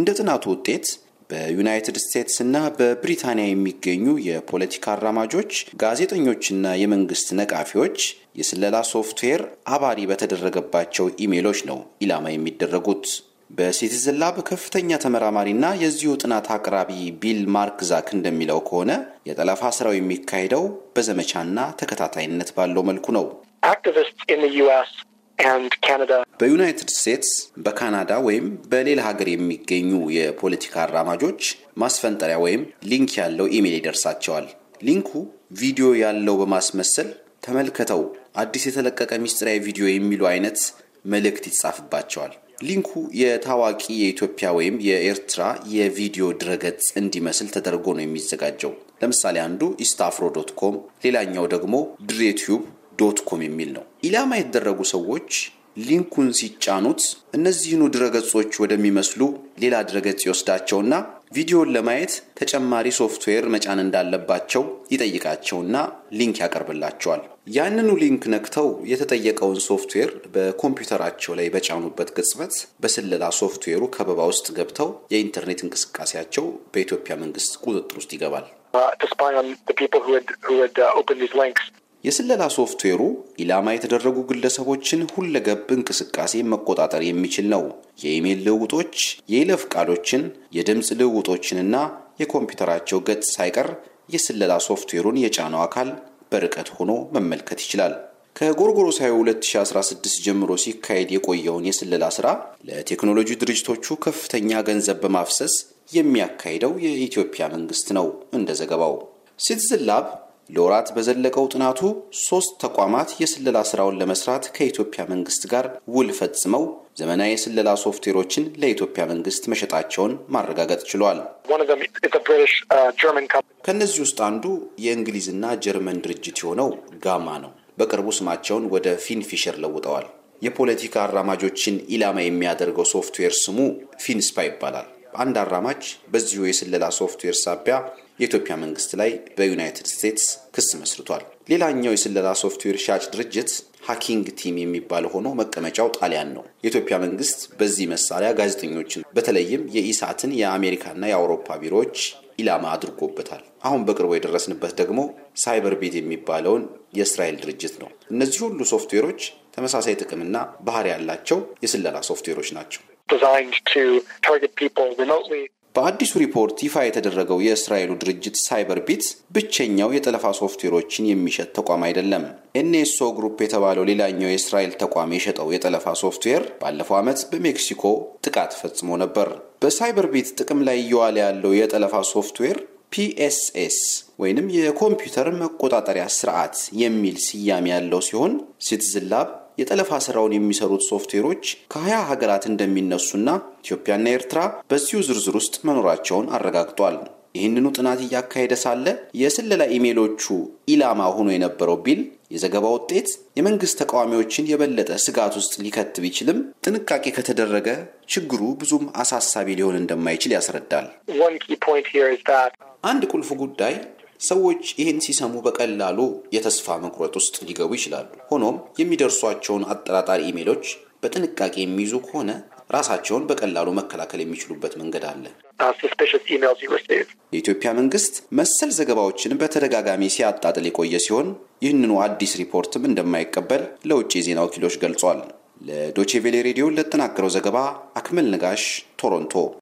እንደ ጥናቱ ውጤት በዩናይትድ ስቴትስ እና በብሪታንያ የሚገኙ የፖለቲካ አራማጆች፣ ጋዜጠኞችና የመንግስት ነቃፊዎች የስለላ ሶፍትዌር አባሪ በተደረገባቸው ኢሜሎች ነው ኢላማ የሚደረጉት። በሲቲዝን ላብ ከፍተኛ ተመራማሪና የዚሁ ጥናት አቅራቢ ቢል ማርክ ዛክ እንደሚለው ከሆነ የጠለፋ ስራው የሚካሄደው በዘመቻና ተከታታይነት ባለው መልኩ ነው። በዩናይትድ ስቴትስ በካናዳ ወይም በሌላ ሀገር የሚገኙ የፖለቲካ አራማጆች ማስፈንጠሪያ ወይም ሊንክ ያለው ኢሜይል ይደርሳቸዋል። ሊንኩ ቪዲዮ ያለው በማስመሰል ተመልከተው አዲስ የተለቀቀ ሚስጥራዊ ቪዲዮ የሚሉ አይነት መልእክት ይጻፍባቸዋል። ሊንኩ የታዋቂ የኢትዮጵያ ወይም የኤርትራ የቪዲዮ ድረገጽ እንዲመስል ተደርጎ ነው የሚዘጋጀው። ለምሳሌ አንዱ ኢስታፍሮ ዶት ኮም፣ ሌላኛው ደግሞ ድሬትዩብ ዶት ኮም የሚል ነው። ኢላማ የተደረጉ ሰዎች ሊንኩን ሲጫኑት እነዚህኑ ድረገጾች ወደሚመስሉ ሌላ ድረገጽ ይወስዳቸውና ቪዲዮን ለማየት ተጨማሪ ሶፍትዌር መጫን እንዳለባቸው ይጠይቃቸውና ሊንክ ያቀርብላቸዋል። ያንኑ ሊንክ ነክተው የተጠየቀውን ሶፍትዌር በኮምፒውተራቸው ላይ በጫኑበት ቅጽበት በስለላ ሶፍትዌሩ ከበባ ውስጥ ገብተው የኢንተርኔት እንቅስቃሴያቸው በኢትዮጵያ መንግስት ቁጥጥር ውስጥ ይገባል። uh, የስለላ ሶፍትዌሩ ኢላማ የተደረጉ ግለሰቦችን ሁለገብ እንቅስቃሴ መቆጣጠር የሚችል ነው። የኢሜይል ልውውጦች፣ የይለፍ ቃሎችን፣ የድምፅ ልውውጦችንና የኮምፒውተራቸው ገጽ ሳይቀር የስለላ ሶፍትዌሩን የጫነው አካል በርቀት ሆኖ መመልከት ይችላል። ከጎርጎሮሳዊ 2016 ጀምሮ ሲካሄድ የቆየውን የስለላ ስራ ለቴክኖሎጂ ድርጅቶቹ ከፍተኛ ገንዘብ በማፍሰስ የሚያካሂደው የኢትዮጵያ መንግስት ነው። እንደ ዘገባው ሲቲዝን ላብ ለወራት በዘለቀው ጥናቱ ሶስት ተቋማት የስለላ ስራውን ለመስራት ከኢትዮጵያ መንግስት ጋር ውል ፈጽመው ዘመናዊ የስለላ ሶፍትዌሮችን ለኢትዮጵያ መንግስት መሸጣቸውን ማረጋገጥ ችሏል። uh, ከእነዚህ ውስጥ አንዱ የእንግሊዝና ጀርመን ድርጅት የሆነው ጋማ ነው። በቅርቡ ስማቸውን ወደ ፊንፊሸር ለውጠዋል። የፖለቲካ አራማጆችን ኢላማ የሚያደርገው ሶፍትዌር ስሙ ፊንስፓ ይባላል። አንድ አራማጅ በዚሁ የስለላ ሶፍትዌር ሳቢያ የኢትዮጵያ መንግስት ላይ በዩናይትድ ስቴትስ ክስ መስርቷል። ሌላኛው የስለላ ሶፍትዌር ሻጭ ድርጅት ሀኪንግ ቲም የሚባል ሆኖ መቀመጫው ጣሊያን ነው። የኢትዮጵያ መንግስት በዚህ መሳሪያ ጋዜጠኞችን በተለይም የኢሳትን የአሜሪካና የአውሮፓ ቢሮዎች ኢላማ አድርጎበታል። አሁን በቅርቡ የደረስንበት ደግሞ ሳይበር ቤት የሚባለውን የእስራኤል ድርጅት ነው። እነዚህ ሁሉ ሶፍትዌሮች ተመሳሳይ ጥቅምና ባህሪ ያላቸው የስለላ ሶፍትዌሮች ናቸው። በአዲሱ ሪፖርት ይፋ የተደረገው የእስራኤሉ ድርጅት ሳይበር ቢትስ ብቸኛው የጠለፋ ሶፍትዌሮችን የሚሸጥ ተቋም አይደለም። ኤንኤስኦ ግሩፕ የተባለው ሌላኛው የእስራኤል ተቋም የሸጠው የጠለፋ ሶፍትዌር ባለፈው ዓመት በሜክሲኮ ጥቃት ፈጽሞ ነበር። በሳይበር ቢት ጥቅም ላይ እየዋለ ያለው የጠለፋ ሶፍትዌር ፒኤስኤስ ወይንም የኮምፒውተር መቆጣጠሪያ ስርዓት የሚል ስያሜ ያለው ሲሆን ሲቲዝን ላብ የጠለፋ ስራውን የሚሰሩት ሶፍትዌሮች ከሀያ ሀገራት እንደሚነሱና ኢትዮጵያና ኤርትራ በዚሁ ዝርዝር ውስጥ መኖራቸውን አረጋግጧል። ይህንኑ ጥናት እያካሄደ ሳለ የስለላ ኢሜሎቹ ኢላማ ሆኖ የነበረው ቢል የዘገባ ውጤት የመንግስት ተቃዋሚዎችን የበለጠ ስጋት ውስጥ ሊከት ቢችልም ጥንቃቄ ከተደረገ ችግሩ ብዙም አሳሳቢ ሊሆን እንደማይችል ያስረዳል። አንድ ቁልፍ ጉዳይ ሰዎች ይህን ሲሰሙ በቀላሉ የተስፋ መቁረጥ ውስጥ ሊገቡ ይችላሉ። ሆኖም የሚደርሷቸውን አጠራጣሪ ኢሜሎች በጥንቃቄ የሚይዙ ከሆነ ራሳቸውን በቀላሉ መከላከል የሚችሉበት መንገድ አለ። የኢትዮጵያ መንግስት መሰል ዘገባዎችን በተደጋጋሚ ሲያጣጥል የቆየ ሲሆን ይህንኑ አዲስ ሪፖርትም እንደማይቀበል ለውጭ የዜና ወኪሎች ገልጿል። ለዶቼቬሌ ሬዲዮ ለተጠናከረው ዘገባ አክመል ነጋሽ ቶሮንቶ